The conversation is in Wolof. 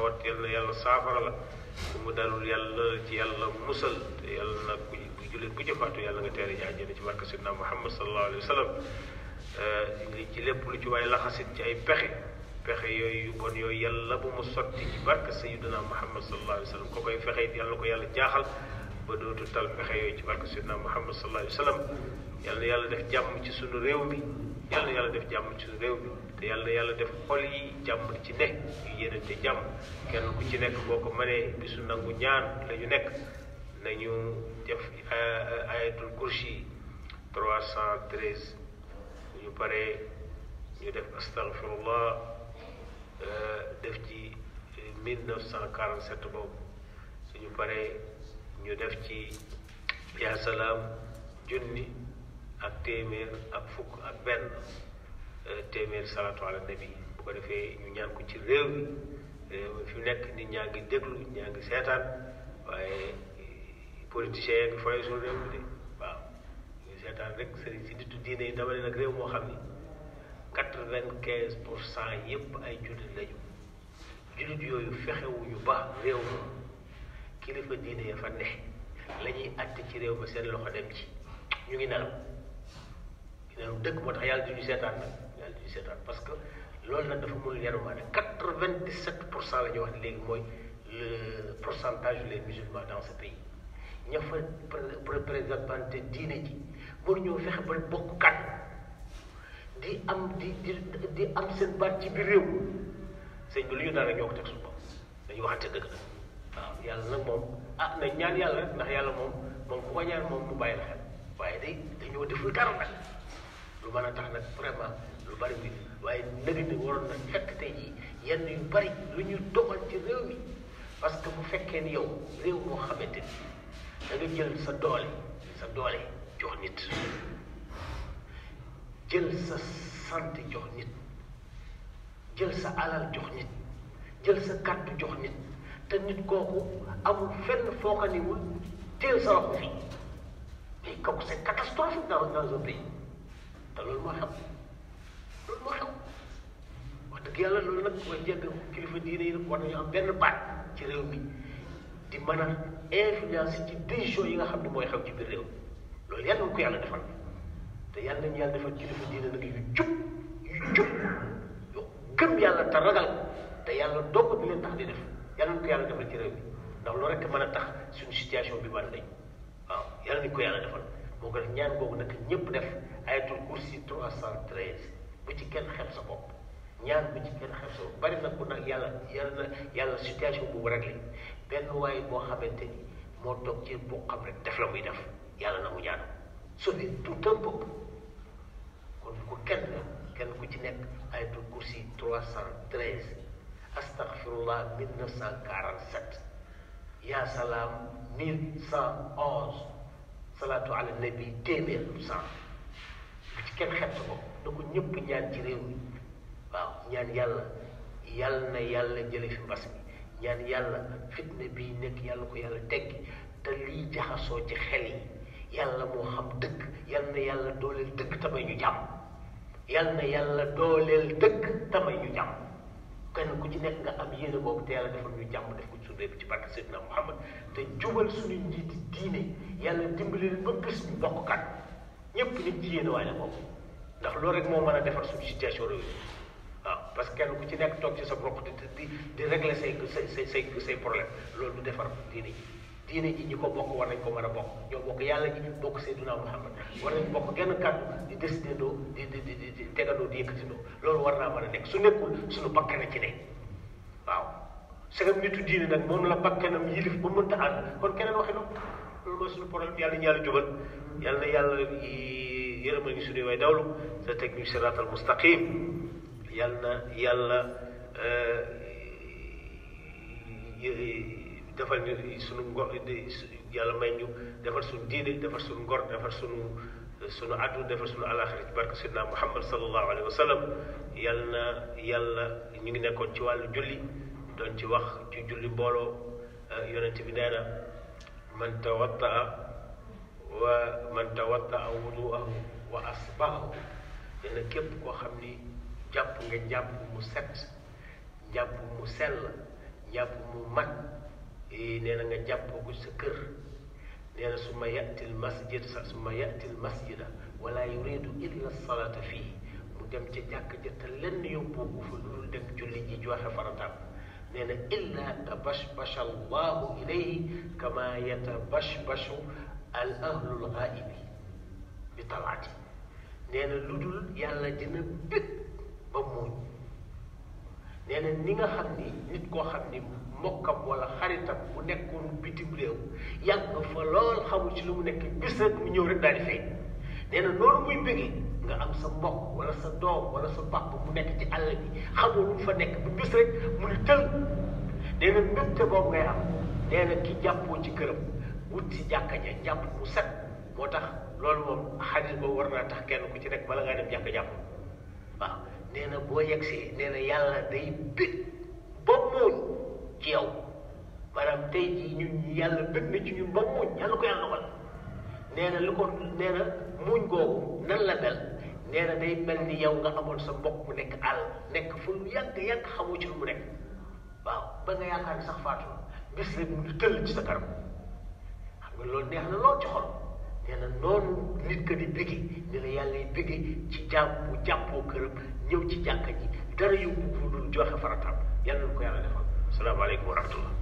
tawat yal na yàlla saafara la ku mu dalul yàlla ci yàlla musal te yàlla na ku jullit bu yàlla nga teere ji àjjana ci barke sidna muhammad sallallahu alayhi wa sallam euh, li ci lépp lu ci waaye laxasit ci ay pexe pexe yooyu yu yooyu yàlla bu mu sotti ci barke sayyidina muhammad sallallahu alayhi wa sallam ko koy fexe it yàlla ko yàlla jaaxal ba dootu tal pexe yooyu ci barke sayyidina muhammad sallallahu alayhi wa sallam yàlla yàlla def jàmm ci sunu réew mi def jàmm ci sunu réew yàlla yàlla def xol yi jàmm ci ne ñu yéenante jàmm kenn ku ci nekk boo ko mënee bisu nangu ñaan lañu nekk nañu def ayatul kursi 313 bu ñu paree ñu def astaghfirullah euh, def ci boobu suñu paree ñu def ci yaa salaam junni ak téeméer ak fukk ak benn téeméer salaatu ala nabi bu ko defee ñu ñaan ko ci réew mi eh, fi nekk nit ñaa ngi déglu ñaa seetaan waaye eh, politiciens yi fooy suñu réew mi de waaw ñu seetaan rek sëriñ si nitu diine yi dama ne nag réew moo xam ni quatre-vingt-quinze pour yépp ay jullit lañu jullit yooyu fexewuñu ba réew ma kilifa diine ya fa ne la ñuy ci réew ma seen loxo dem ci ñu ngi nelaw ñu nelaw dëkk moo tax yàlla du seetaan nag seetaan parce que loolu nag dafa mooy yarumaane quatre vingt dix sept pour cent la ñuy wax léegi mooy le pourcentage des musulmans dans ce pays ña fa représenté diine ji pour ñoo fexe ba bokk kàddu di am di di di am seen baat ci biir réew sëñ bi lu ñu ñoo ko teg suñu bopp dañu yàlla nag moom ah ñaan yàlla rek yàlla moom moom ku ko waaye day dañoo lu mën a tax nag vraiment lu bari muy waaye nëgë ni waroon na fekk tey jii yenn yu bari lu ñu doxal ci réew mi parce que bu fekkee ni yow réew moo xamante ni jël sa doole doole jox jël sa santé jël sa alal jox nit jël sa kàddu jox nit te nit kooku amul fenn foo ko niwul teel sa waxu fi mais kooku c'est catastrophique dans dans un pays te loolu moo xam yàlla loolu nag mooy njëkk kilifa diine yi war nañu am benn baat ci réew mi di mën a influence ci décision yi nga xam ne mooy xew ci biir réew loolu yàlla na ko yàlla defal te yàlla nañu yàlla defal kilifa diine nag yu jub yu jub yu yàlla te doog di leen tax di def yàlla nañu ko yàlla defal ci réew mi ndax loolu rek mën a tax suñu situation bi mën nañ waaw yàlla nañu ko yàlla defal moo ko def ñaan boobu nag ñëpp def ayatul kursi trois cent treize bu ci kenn xel sa bopp ñaan bi ci kenn xasoo bari na ku nag yàlla yàlla yàlla situation boobu réglé benn waaye boo xamante ni moo toog ci boo xam def la muy def yàlla na mu ñaan sauver tout un peuple kon ku kenn kenn ku ci nekk ayatul kursi trois cent treize astaghfirullah mille neuf cent quarante sept salaam mille cent onze salaatu ala nabi téeméer cent bu ci kenn xett ko da ko ñëpp ñaan ci réew ñaan yàlla yàlla na yàlla jële fi mbas mi ñaan yàlla fitna bii nekk yàlla ko yàlla teggi te lii jaxasoo ci xel yi yàlla moo xam dëkk yàlla na yàlla dooleel dëkk tamay ñu jàmm yàlla na yàlla dooleel dëkk tamay ñu jàmm kenn ku ci nekk nga am yéene boobu te yàlla defal ñu jàmm def ko ci suñu ci barke Seydina Muhammad te jubal suñu njiiti diine yàlla dimbali ba gis ñu bokk kat ñëpp nit ci yéene la bokk ndax loolu rek moo mën a defar suñu situation réew parce que kenn ku ci nekk toog ci sa bopp di di di say say say problème loolu defar diine ji ñi ko bokk war nañ ko mën a bokk ñoo bokk yàlla ji bokk Seydina Muhammad war nañ bokk genn kàddu di décider doo di di di di di yëkkatidoo loolu war naa mën a nekk su nekkul suñu bakk na ci ne waaw segam nitu diine nag moom la bakkanam yilif ba mënta ànd kon keneen waxi loolu mooy suñu problème yàlla ñu yàlla yàlla na yàlla yërëmal ñu suñuy way dawlu sa teg ñu siraatal mustaqim yal na yàlla eh, defal ñu suñu ngor yàlla may ñu defal suñu diine defal suñu ngor defal suñu suñu àddu defal suñu alaxira ci barke sidna muhammad salallahu alayhi wa sallam yal na yàlla ñu ngi nekkoon ci wàllu julli doon ci wax ci julli mbooloo eh, yonent bi nee na man tawattaa wa man tawattaa wuduahu wa asbahu nee na képp koo xam ni jàpp nga jàpp mu set jàpp mu sell jàpp mu mat eh, nee na nga jàppoogu sa kër nee na su ma yatil masjid sa su ma yatil masjida wala yuridu illa salata fii mu dem ca jàkk ja te lenn yóbboogu fa dul dem julli ji joxe farataam nee na illa tabashbasha allahu ilayhi kama yatabashbashu al ahlul ghaibi bi talaati nee na lu dul yàlla dina bég ba muuñ nee ni nga xam ni nit koo xam ni mbokkam wala xaritam bu nekkoon bitim réew yàgg fa lool xamul ci lu mu nekk bis rek mu ñëw rek daal di fay nee na loolu muy bëggee nga am sa mbokk wala sa doom wala sa papa mu nekk ci àll bi xamul fa nekk bu bis rek mu ni tël ngay am nee ki jàppoo ci këram wut ci jàkka ja jàpp mu set moo tax loolu moom xadis boobu war naa tax kenn ku ci rek bala ngay dem jàkka jàpp waaw nee na boo yegsee nee na yàlla day bég ba muuñ ci yow maanaam tey jii ñun yàlla bég na ci ñun ba muuñ yàlla ko yàlla xol nee na lu ko nee na googu nan la mel nee day mel ni yow nga amoon sa mbokk mu nekk àll nekk fu lu yàgg yàgg xamoo ci lu mu nekk waaw ba nga yaakaar sax faatu bis rek mu tëll ci sa kanam xam nga loolu neex na lool ci xol nag noonu nit ka di bëggee ni la yàlla yi bëggee ci jàpp jàppoo këram ñëw ci jàkka ji dara yóbbu bu dul joxe farataam yàlla na ko yàlla defal salaamaaleykum wa rahmatullah